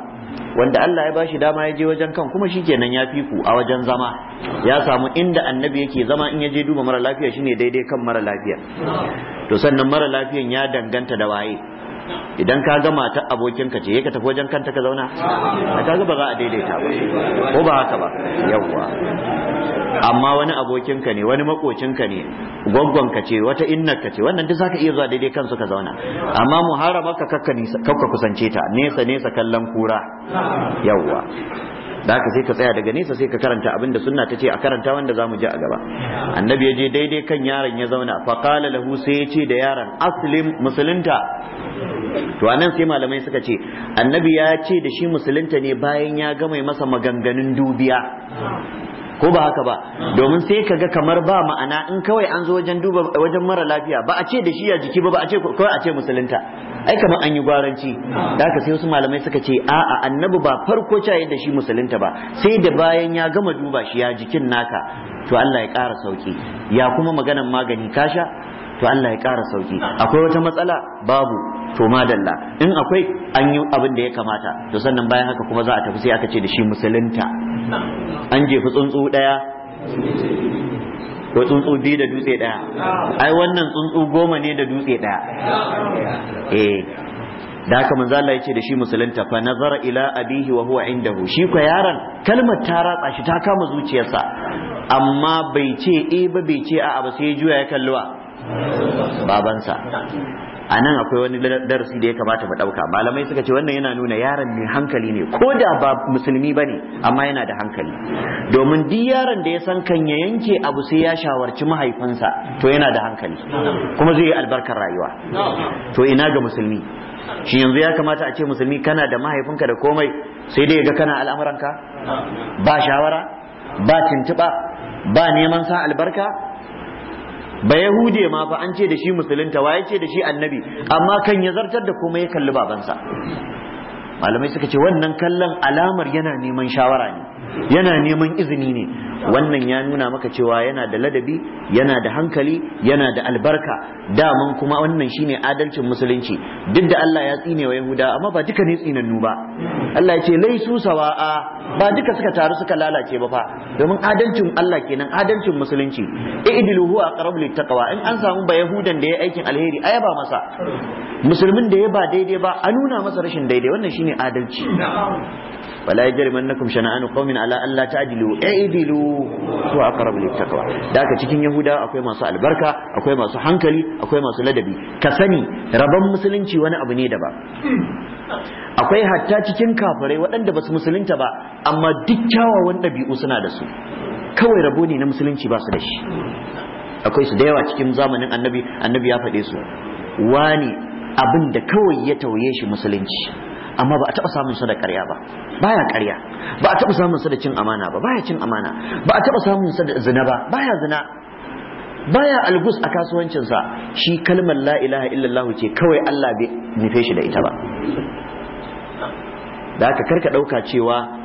wanda Allah ya bashi dama ya je wajen kan kuma shikenan ya fi ku a wajen zama ya samu inda annabi yake zama in ya je duba mara lafiya shine daidai kan mara lafiya to sannan mara lafiyan ya danganta da waye idan ka ga matar abokinka ce ka tafi wajen kanta ka zauna a kaga ba za a daidaita ba ko ba haka ba yawwa amma wani abokinka ne wani makocinka ne gwaggonka ce wata innarka ce wannan duk zaka iya zuwa daidai kansu ka zauna amma ka kakka kusance ta nesa nesa kallon kura yawa. da haka sai ka tsaya daga nesa sai ka karanta abin da sunna ta ce a karanta wanda zamu je a gaba annabi ya je daidai kan yaron ya zauna fa qala lahu sai ya ce da yaron aslim musulunta to anan sai malamai suka ce annabi ya ce da shi musulunta ne bayan ya gama masa maganganun dubiya ko ba haka ba domin sai kaga kamar ba ma'ana in kawai an zo wajen duba wajen mara lafiya ba a ce da shi a jiki ba ba a ce kawai a ce musulunta ai kamar an yi gwaranci da haka sai wasu malamai suka ce a'a annabi ba farko ca da shi musulunta ba sai da bayan ya gama duba shi ya jikin naka to Allah ya ƙara sauki ya kuma maganan magani kasha to Allah ya kara sauki akwai wata matsala babu to madalla in akwai an yi abin da ya kamata to sannan bayan haka kuma za a tafi sai aka ce da shi musulunta an jefi tsuntsu ɗaya ko tsuntsu biyu da dutse ɗaya ai wannan tsuntsu goma ne da dutse ɗaya eh da haka manzo Allah ce da shi musulunta fa nazara ila abihi wa huwa indahu shi ko yaron kalmar ta ratsa shi ta kama zuciyarsa amma bai ce eh ba bai ce a'a ba sai ya juya ya kalluwa babansa a nan akwai wani darasi da ya kamata mu ɗauka malamai suka ce wannan yana nuna yaron mai hankali ne ko da ba musulmi ba ne amma yana da hankali domin duk yaron da ya san kan ya yanke abu sai ya shawarci mahaifinsa to yana da hankali kuma zai yi albarkar rayuwa to ina ga musulmi Shin yanzu ya kamata a ce musulmi kana da mahaifinka da komai sai dai ga kana al'amuranka ba shawara ba tuntuɓa ba neman sa albarka ba yahude ma fa an ce da shi musulunta wa ya ce da shi annabi amma kan ya zartar da kuma ya kalli babansa malamai suka ce wannan kallon alamar yana neman shawara ne yana neman izini ne wannan ya nuna maka cewa yana da ladabi yana da hankali yana da albarka daman kuma wannan shine adalcin musulunci duk da Allah ya tsine wa Yahuda amma ba duka ne tsinannu ba Allah ya ce laisu sawa'a ba duka suka taru suka lalace ba fa domin adalcin Allah kenan adalcin musulunci i'dilu huwa aqrabu littaqwa in an samu ba Yahudan da ya aikin alheri ai ba masa musulmin da ya ba daidai ba a nuna masa rashin daidai wannan shine adalci wala yajrimannakum shana'anu qaumin ala alla ta'dilu i'dilu wa aqrab da haka cikin yahuda akwai masu albarka akwai masu hankali akwai masu ladabi ka sani rabon musulunci wani abu ne da ba. akwai hatta cikin kafirai waɗanda ba su musulunta ba amma duk kyawawan ɗabi'u suna da su kawai rabo ne na musulunci basu da shi akwai su da yawa cikin zamanin annabi annabi ya faɗe su wani abin da kawai ya tauye shi musulunci amma ba a taɓa samun sa da ƙarya ba baya ƙarya ba a taɓa samun sa da cin amana ba baya cin amana ba a taɓa samun sa da zina ba baya zina baya algus a kasuwancinsa shi kalmar la ilaha illallah ce kawai Allah bai nufe shi da ita ba da kar karka ɗauka cewa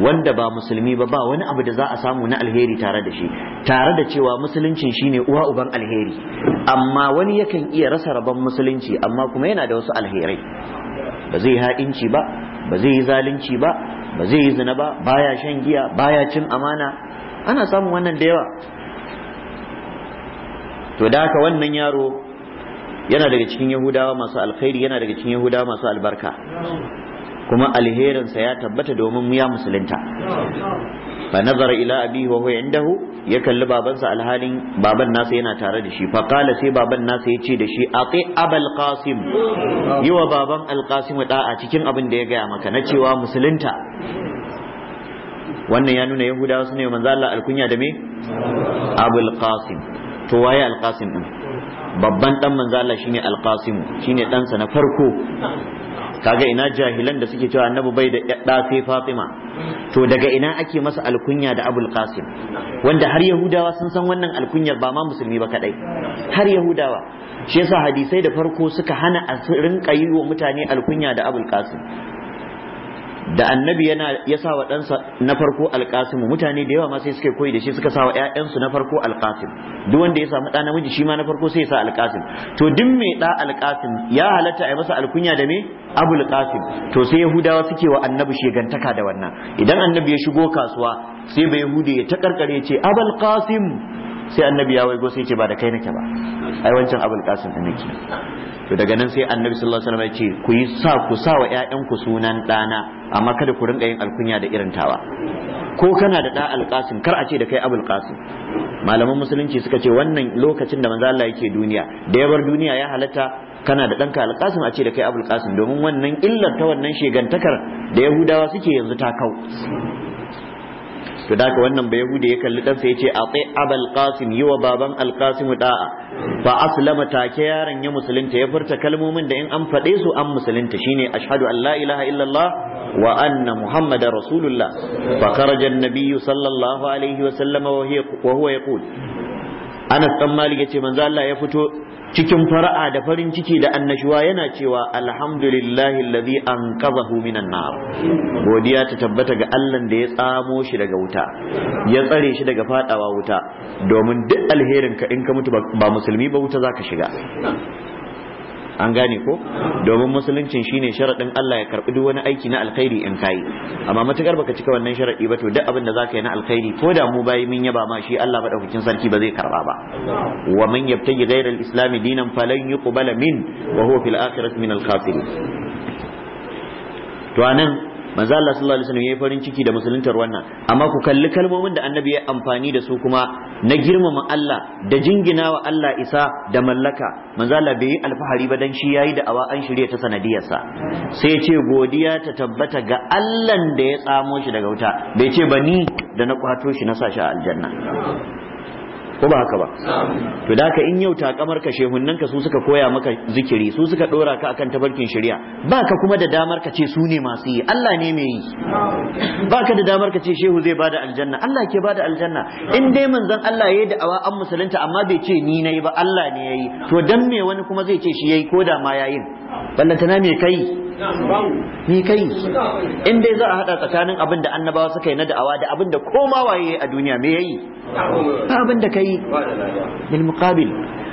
wanda ba musulmi ba ba wani abu da za a samu na alheri tare da shi tare da cewa musuluncin shine uwa uban alheri amma wani yakan iya rasa rabon musulunci amma kuma yana da wasu alherai ba zai ha'inci ba ba zai yi zalunci ba ba zai yi zina ba baya shan giya baya cin amana ana samun wannan da yawa to da haka wannan yaro yana daga cikin yahudawa masu alkhairi yana daga cikin yahudawa masu albarka kuma alherinsa ya tabbata domin mu ya musulunta fa nazara ila abi wa huwa indahu ya kalli babansa alhalin baban nasa yana tare da shi fa sai baban nasa ya ce da shi ati abal qasim yi baban al qasim da'a cikin abin da ya gaya maka na cewa musulunta wannan ya nuna yahudawa suna yi manzo alkunya da me abul qasim to waye al qasim din babban dan Manzala Allah shine al qasim shine dan sa na farko kaga ina jahilan da suke cewa annabi bai da ɗa sai fatima to daga ina ake masa alkunya da abul qasim wanda har yahudawa sun san wannan alkunyar ba ma musulmi ba kadai har yahudawa shi yasa hadisai da farko suka hana a rinka wa mutane alkunya da abul qasim da annabi yana ya sa wa ɗansa na farko alƙasimu mutane da yawa ma sai suka koyi da shi suka sa wa ‘ya'yansu na farko alƙasim duk wanda ya samu ɗa namiji shi ma na farko sai ya sa alƙasim to duk mai ɗa alƙasim ya halatta a yi masa alkunya da me abul qasim to sai yahudawa suke wa annabi shegantaka da wannan idan annabi ya shigo kasuwa sai bai yahudi ya ta karkare ce abul qasim sai annabi ya waigo sai ce ba da kai nake ba ai wancan abul qasim din nake to daga nan sai annabi sallallahu alaihi wasallam ya ce ku yi sa ku sa wa ƴaƴan ku sunan dana amma kada ku rinka yin alkunya da irin tawa ko kana da ɗa alƙasim kar a ce da kai abul qasim malaman musulunci suka ce wannan lokacin da manzo Allah yake duniya da ya bar duniya ya halatta kana da ɗanka alƙasim a ce da kai abul qasim domin wannan illar ta wannan shegantakar da yahudawa suke yanzu ta kau to da wannan ba yahudi ya kalli ɗansa ya ce a tsaye abal qasim yi wa baban alqasim da'a fa aslama take yaron ya musulunta ya furta kalmomin da in an faɗe su an musulunta shine ashhadu an la ilaha illallah wa anna muhammadar rasulullah fa kharaja an sallallahu alaihi wa sallama wa huwa yaqul Anas dan Malik yace manzo Allah ya fito cikin fara'a da farin ciki da annashuwa yana cewa alhamdulillahi allazi anqadhahu minan nar godiya ta tabbata ga Allah da ya tsamo shi daga wuta ya tsare shi daga fadawa wuta domin duk alherin ka in ka mutu ba musulmi ba wuta zaka shiga an gane ko domin musuluncin shine sharadin Allah ya karbi duk wani aiki na alkhairi in kai amma matukar baka cika wannan sharadi ba to duk abin da zaka yi na alkhairi ko da mu bayi min yaba ma shi Allah madaukakin sarki ba zai karba ba wa man yabtaji ghayra al-islam dinan falan yuqbala min wa huwa fil akhirati min al-khasirin to anan manzo Allah sallallahu alaihi wasallam yayi farin ciki da musuluntar wannan amma ku kalli kalmomin da annabi ya amfani da su kuma na girmama Allah da jingina wa Allah isa da mallaka manzo Allah bai yi alfahari ba dan shi yayi da awa an shirye ta sanadiyarsa sai ya ce godiya ta tabbata ga Allah da ya tsamo shi daga wuta bai ce ba ni da na kwato shi na sa shi a aljanna ko ba haka ba to da in yau takamar ka shehunnan ka su suka koya maka zikiri su suka dora ka akan tabarkin shari'a ka kuma da damar ka ce su ne masu yi Allah ne mai yi ka da damar ka ce shehu zai bada aljanna Allah ke bada aljanna in dai manzon Allah yayi da'awa an musulunta amma bai ce ni nayi ba Allah ne yayi to dan me wani kuma zai ce shi yayi ko da ma yayin tana me kai ni kai in dai za a hada tsakanin abin da annabawa suka yi na da'awa da abin da koma waye a duniya me yayi ba abin da kai bil muqabil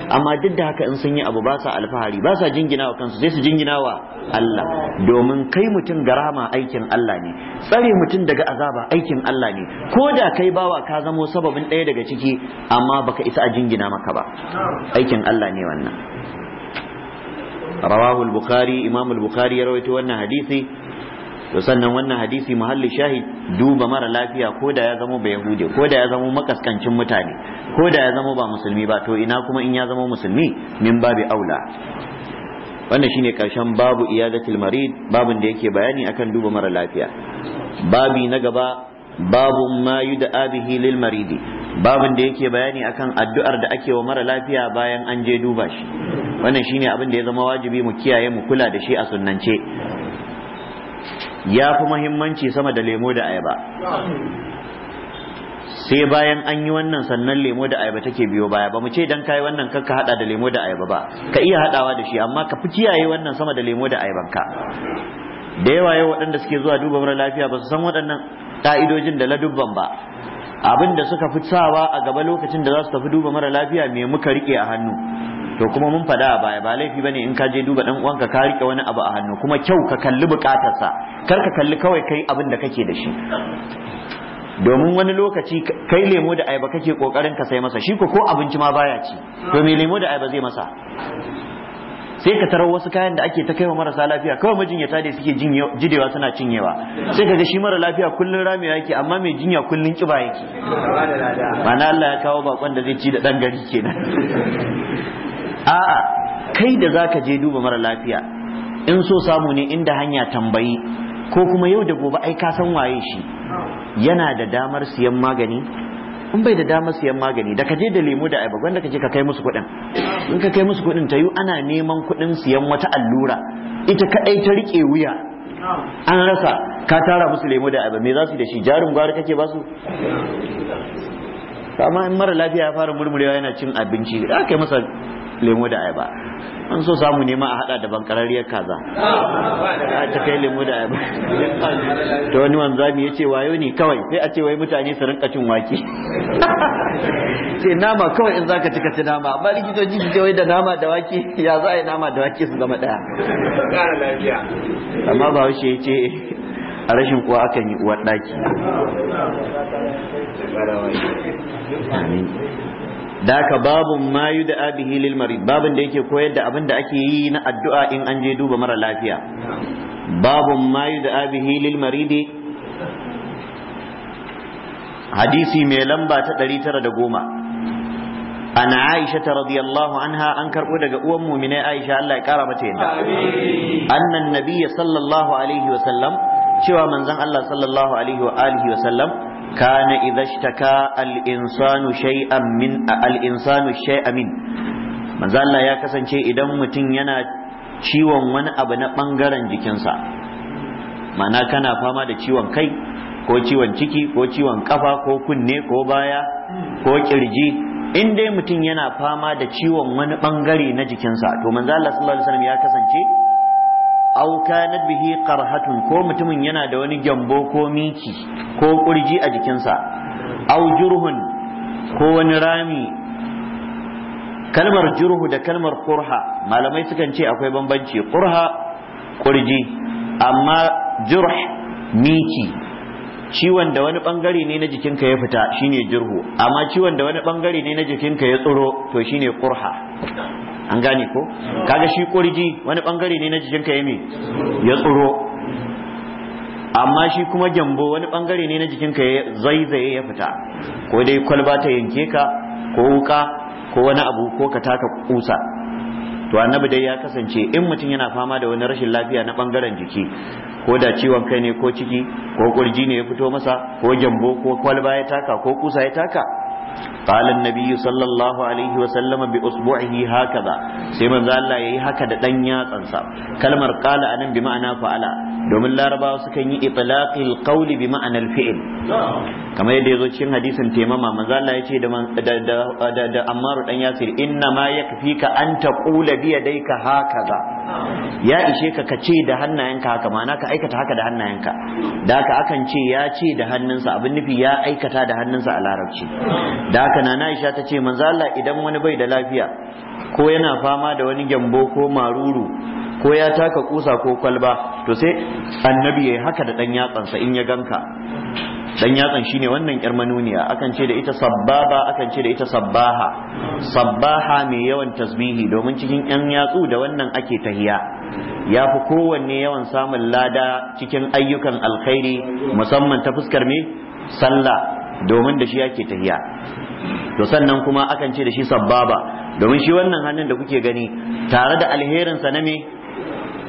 amma duk da haka in sun yi abu ba sa alfahari ba sa jingina wa kansu sai su jingina wa Allah domin kai mutum garama aikin Allah ne tsare mutum daga azaba aikin Allah ne ko da kai bawa ka zamo sababin ɗaya daga ciki amma baka isa a jingina maka ba aikin Allah ne wannan rawahu al-bukhari imam al-bukhari ya rawaito wannan hadisi to sannan wannan hadisi muhalli shahid duba mara lafiya ko da ya zama bai hude ko da ya zama makaskancin mutane ko da ya zama ba musulmi ba to ina kuma in ya zama musulmi min babi aula wannan shine karshen babu iyadatul marid babin da yake bayani akan duba mara lafiya babi na gaba babu ma yud'a bihi lil maridi babin da yake bayani akan addu'ar da ake wa mara lafiya bayan an je duba shi wannan shine abin da ya zama wajibi mu kiyaye mu kula da shi a sunnance ya fi muhimmanci sama da lemo da ayaba sai bayan an yi wannan sannan lemo da ayaba take biyo baya ba mu ce dan kai wannan kar ka hada da lemo da ayaba ba ka iya hadawa da shi amma ka fi kiyaye wannan sama da lemo da ayaban ka da yawa yau waɗanda suke zuwa duba mara lafiya ba su san waɗannan ƙa'idojin da ladubban ba abinda da suka fi sawa a gaba lokacin da za su tafi duba mara lafiya me muka rike a hannu to kuma mun faɗa a baya ba laifi bane in ka je duba dan uwanka ka rike wani abu a hannu kuma kyau ka kalli bukatarsa kar ka kalli kawai kai abin da kake da shi domin wani lokaci kai lemo da ayaba kake kokarin ka sai masa shi ko ko abinci ma baya ci to me lemo da ayaba zai masa sai ka tarar wasu kayan da ake ta wa marasa lafiya kawai majinyata da suke jidewa suna cinyewa sai ka ga shi mara lafiya kullun ramewa yake amma mai jinya kullum kiba yake mana Allah ya kawo bakon da zai ci da dan gari kenan a'a kai da zaka je duba mara lafiya in so samu ne inda hanya tambayi ko kuma yau da gobe ai ka san waye shi yana da damar siyan magani in bai da damar siyan magani da kaje da lemu da ayaba gwanda kaje ka kai musu kuɗin in ka kai musu kuɗin ta yi ana neman kuɗin siyan wata allura ita kaɗai ta rike wuya an rasa ka tara musu lemu da ayaba me za su da shi jarin gwari kake ba su to amma in mara lafiya ya fara murmurewa yana cin abinci da aka yi masa lemo da ayaba an so samu nema a hada da bankarariyar kaza a ta kai lemo da ayaba to wani wanzami ya ce wayo ne kawai sai a ce wai mutane su rinka cin wake ce [laughs] nama kawai in zaka cika ci nama amma likitoci su ce wai da nama da wake ya za a yi nama da wake su zama daya amma ba ya ce a rashin kuwa akan yi uwar ɗaki da ka babun ma da abihi lil marid babun da yake koyar da abin da ake yi na addu'a in an je duba mara lafiya babun ma da abihi lil maridi hadisi mai lamba ta 910 Ana aisha ta radiyallahu anha an karɓo daga uwan muminai aisha Allah ya kara mata yadda annan Nabiya sallallahu alaihi wa sallam cewa manzon Allah sallallahu alaihi wa alihi wa sallam kana idza shtaka al-insanu shay'an min al-insanu shay'an min manzon Allah ya kasance idan mutum yana ciwon wani abu na bangaren jikinsa mana kana fama da ciwon kai ko ciwon ciki ko ciwon kafa ko kunne ko baya ko kirji in dai mutum yana fama da ciwon wani bangare na jikinsa to manzon Allah sallallahu alaihi wa sallam ya kasance aw na bihi qarhatun ko mutumin yana da wani gyambo ko miki ko kurji a jikinsa aw jurhun ko wani rami kalmar jurhu da kalmar qurha malamai sukan ce akwai bambanci qurha kurji amma jurh miki ciwon da wani bangare ne na jikinka ya fita shine jurhu amma ciwon da wani bangare ne na jikinka ya tsoro to shine qurha an gane ko kaga shi kurji wani bangare ne na jikinka ya yemi ya tsoro. amma shi kuma gyambo wani bangare ne na jikinka ya zaizaye ya fita ko dai kwalba ta yanke ka ko wuka ko wani abu ko ka taka kusa to annabi dai ya kasance in mutum yana fama da wani rashin lafiya na bangaren jiki ko da ciwon kai ne ko ciki ko kurji ne ya fito masa ko gyambo ko kwalba ya taka ko kusa ya taka Ƙalin Nabiyu sallallahu alaihi wa sallama bi usbu'ahi haka da, sai Mazaala ya yi haka da ɗan yatsansa, kalmar ƙala anan bi ma'ana fa'ala, domin larabawa sukan yi iblaƙin ƙauli bi ma'anar fi'i. Kama yadda ya zo cikin hadisan taimama Mazaala ya ce da Ammaru ɗan ya sayi, in nama ya tafi ka anta kula biya dai ka haka da. Ya isheka ka ce da hannayenka haka, mana ka aikata haka da hannayenka, da ka a ce ya ce da hannunsa, abin nufi ya aikata da hannunsa a larabci. da haka na Aisha ta ce manzo Allah idan wani bai da lafiya ko yana fama da wani gyambo ko maruru ko ya taka kusa ko kwalba to sai annabi yayi haka da dan yatsansa in ya ganka dan yatsan shine wannan yar manuniya akan ce da ita sabbaba akan ce da ita sabbaha sabbaha mai yawan tasbihi domin cikin yan yatsu da wannan ake tahiya ya fi kowanne yawan samun lada cikin ayyukan alkhairi musamman ta fuskar me sallah domin da shi yake tahiya to sannan kuma akan ce da shi sabbaba domin shi wannan hannun da kuke gani tare da alherin sa na me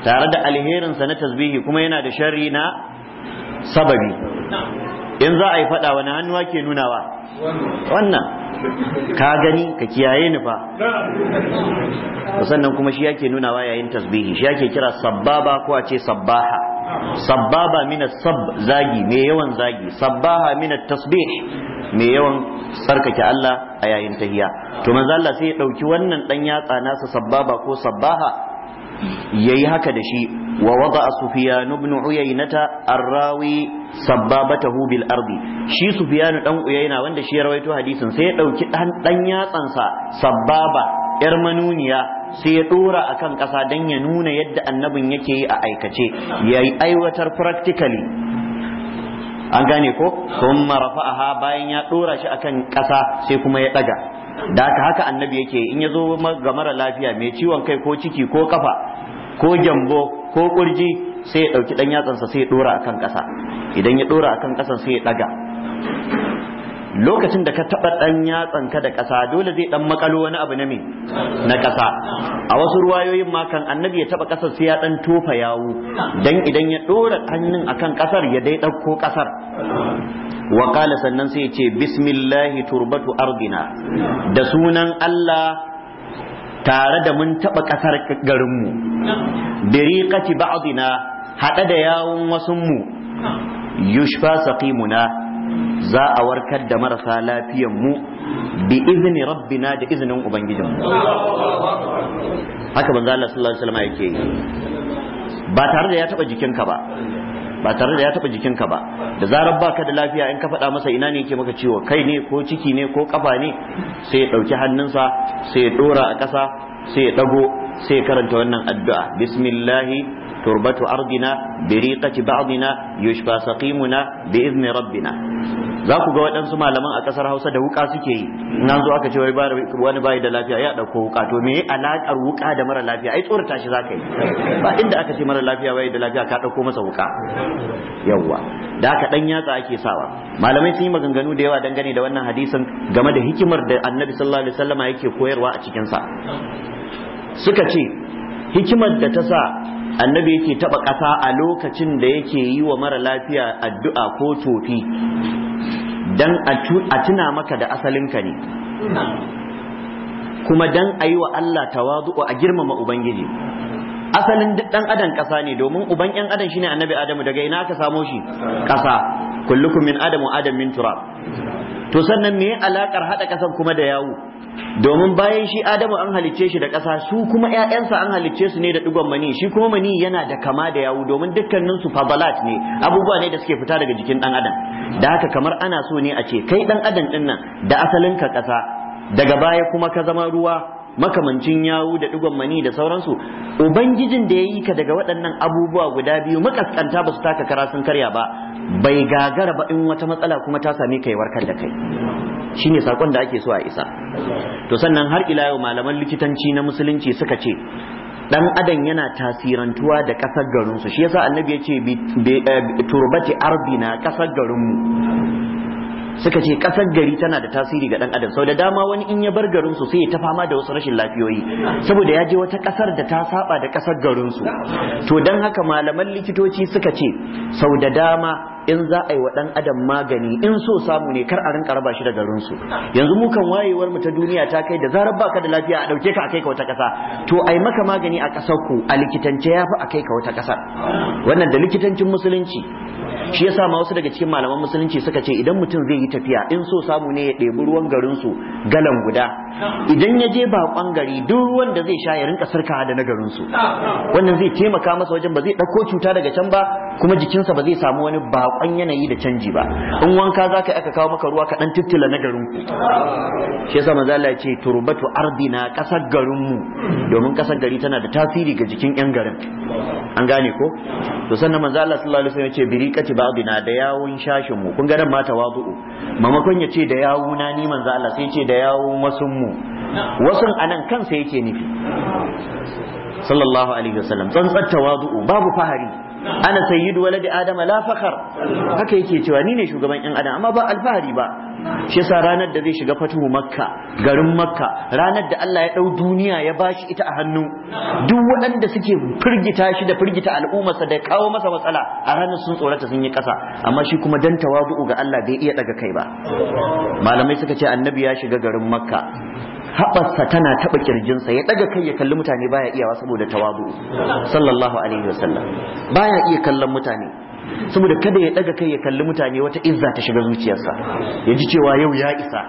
tare da alherin sa na tasbihi kuma yana da sharri na sababi in za a yi fada wani hannu ke nunawa wannan ka gani ka kiyaye ni fa sannan kuma shi yake nunawa yayin tasbihi shi yake kira sabbaba ko a ce sabbaha sabbaba min sab zagi mai yawan zagi sabbaha min tasbih mai yawan sarkake Allah a yayin tahiya to manzo Allah sai ya dauki wannan dan yatsa nasa sabbaba ko sabbaha yayi haka da shi wa wada sufyan ibn uyaynata arrawi sabbabatahu bil ardi shi sufyan dan uyaina wanda shi ya rawaito hadisin sai ya dauki dan dan yatsansa sabbaba yar manuniya sai ya dora akan ƙasa dan ya nuna yadda annabin yake yi a aikace yayi aiwatar practically an gane ko kuma rafa'aha bayan ya dora shi akan kasa sai kuma ya daga da haka haka annabi yake in ya zo ga mara lafiya mai ciwon kai ko ciki ko kafa ko gyambo ko kurji sai ya dauki dan yatsansa sai ya dora akan kasa idan ya dora akan ƙasan sai ya daga lokacin da ka taɓa ɗan ka da ƙasa dole zai ɗan makalo wani abu na me na ƙasa a wasu ruwayoyin ma kan annabi ya taɓa ƙasar sai ya ɗan tofa yawu dan idan ya ɗora hannun akan ƙasar ya dai dauko ƙasar wa qala sannan sai ya ce bismillahi turbatu ardina da sunan Allah tare da mun taɓa ƙasar garin mu biriqati ba'dina haɗe da yawun mu yushfa saqimuna za a warkar da marasa lafiyan mu bi izini rabbina da izinin ubangijinmu haka manzo Allah sallallahu alaihi wasallam yake ba tare da ya taba jikinka ba ba tare da ya taba jikinka ba da zarar baka da lafiya in ka faɗa masa ina ne yake maka ciwo kai ne ko ciki ne ko kafa ne sai ya ɗauki hannunsa sai ya ɗora a ƙasa sai ya ɗago sai ya karanta wannan addu'a bismillahi turbatu ardina bi riqati ba'dina yushfa saqimuna bi izni rabbina za ku ga waɗansu malaman a ƙasar Hausa da wuka suke yi in an zo aka ce wai wani bai da lafiya ya ɗauko wuka to me alaƙar wuka da mara lafiya ai tsorata shi zaka yi ba inda aka ce mara lafiya bai da lafiya ka ɗauko masa wuka Yawa da aka ɗan yatsa ake sawa malamai sun yi maganganu da yawa dangane da wannan hadisin game da hikimar da annabi sallallahu alaihi wasallama yake koyarwa a cikinsa suka ce hikimar da ta sa annabi yake taba kasa a lokacin da yake yi wa mara lafiya addu'a ko tofi dan a tuna maka da asalinka ne kuma dan a yi wa Allah tawazu'u a girmama ubangiji asalin duk dan adam ƙasa ne domin uban yan adam shine annabi adamu daga ina ka samo shi kasa kullukum min adamu adam min turab to sannan me alakar hada ƙasan kuma da yawo domin bayan shi adamu an halicce shi da ƙasa su kuma 'ya'yansa an halicce su ne da digon mani shi kuma mani yana da kama da yawu domin dukkanin su fabalat ne abubuwa ne da suke fita daga jikin ɗan adam da haka kamar ana so ne a ce kai ɗan adam din nan da asalin ka ƙasa daga baya kuma ka zama ruwa makamancin yawu da digon mani da sauransu ubangijin da ya yi ka daga waɗannan abubuwa guda biyu makaskanta ba su taka kara sun karya ba bai gagara ba in wata matsala kuma ta same ka warkar da kai shine sakon da ake so a isa to sannan har ila yau malaman likitanci na musulunci suka ce dan adam yana tasirantuwa da kasar garinsu shi yasa annabi ya ce eh, turbati arbina kasar garinmu suka ce kasar gari tana da tasiri ga dan adam sau da dama wani in ya bar garin su sai ya ta fama da wasu rashin lafiyoyi saboda ya je wata kasar da ta saba da kasar garin su to dan haka malaman likitoci suka ce sau da dama in za a yi wa ɗan adam magani in so samu ne kar a rinka raba shi da garinsu yanzu mu kan wayewar mu ta duniya ta kai da zarar baka da lafiya a ɗauke ka a kai ka wata ƙasa to ai maka magani a ƙasar ku a likitance ya a kai ka wata kasa wannan da likitancin musulunci shi yasa ma wasu daga cikin malaman musulunci suka ce idan mutum zai yi tafiya in so samu ne ya ɗebi ruwan garinsu su galan guda idan ya je bakon gari duk ruwan da zai sha ya rinka sarka da na garin su wannan zai taimaka masa wajen ba zai ɗauko cuta daga can ba kuma jikinsa ba zai samu wani bako an yanayi da canji ba in wanka ka aka kawo maka ruwa ka dan tittila na garin ku shi yasa manzo Allah ya ce turbatu ardina kasar garin mu domin kasar gari tana da tasiri ga jikin yan garin an gane ko to sannan manzo Allah sallallahu alaihi wasallam ya ce biriqati ba'dina da yawun shashin mu kun ga nan ma tawazu'u mamakon ya ce da yawuna ni manzo Allah sai ya ce da yawun wasun mu wasun anan kansa yake nufi sallallahu alaihi wasallam tsantsar tawadu babu fahari ana sayyidu waladi adama la fakhar haka yake cewa ni ne shugaban yan adam amma ba alfahari ba shi yasa ranar da zai shiga fatuhu makka garin makka ranar da Allah ya dau duniya ya bashi ita a hannu duk waɗanda suke firgita shi da firgita sa da kawo masa matsala a ranar sun tsorata sun yi ƙasa amma shi kuma dan tawadu ga Allah bai iya daga kai ba malamai suka ce annabi ya shiga garin makka haɓarsa tana taɓa kirjinsa ya ɗaga kai ya kalli mutane baya iyawa saboda tawabu sallallahu alaihi wasallam baya iya kallon mutane saboda kada ya ɗaga kai ya kalli mutane wata izza ta shiga zuciyarsa ya ji cewa yau ya isa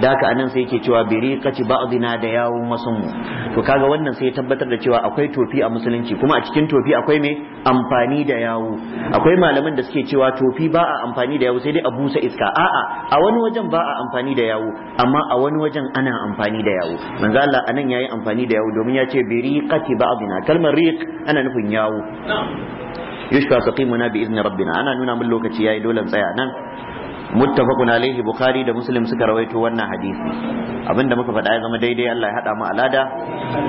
da haka anan sai yake cewa biriqati ba'dina da yawun masunmu to kaga wannan sai ya tabbatar da cewa akwai tofi a musulunci kuma a cikin tofi akwai me amfani da yawu akwai malaman da suke cewa tofi ba a amfani da yawu sai dai a busa iska a'a a wani wajen ba a amfani da yawu amma a wani wajen ana amfani da yawu manzo Allah anan yayi amfani da yawu domin ya ce biriqati ba'dina kalmar riq ana nufin yawu yushfa saqimuna bi idni rabbina ana nuna mun lokaci yayi dole tsaya nan muttafaqun alaihi bukhari da muslim suka rawaito wannan hadisi abinda muka faɗa ya zama daidai Allah ya hada mu alada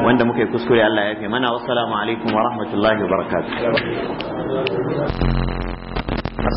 wanda muka yi kuskure Allah ya yafe mana wassalamu alaikum wa rahmatullahi wa barakatuh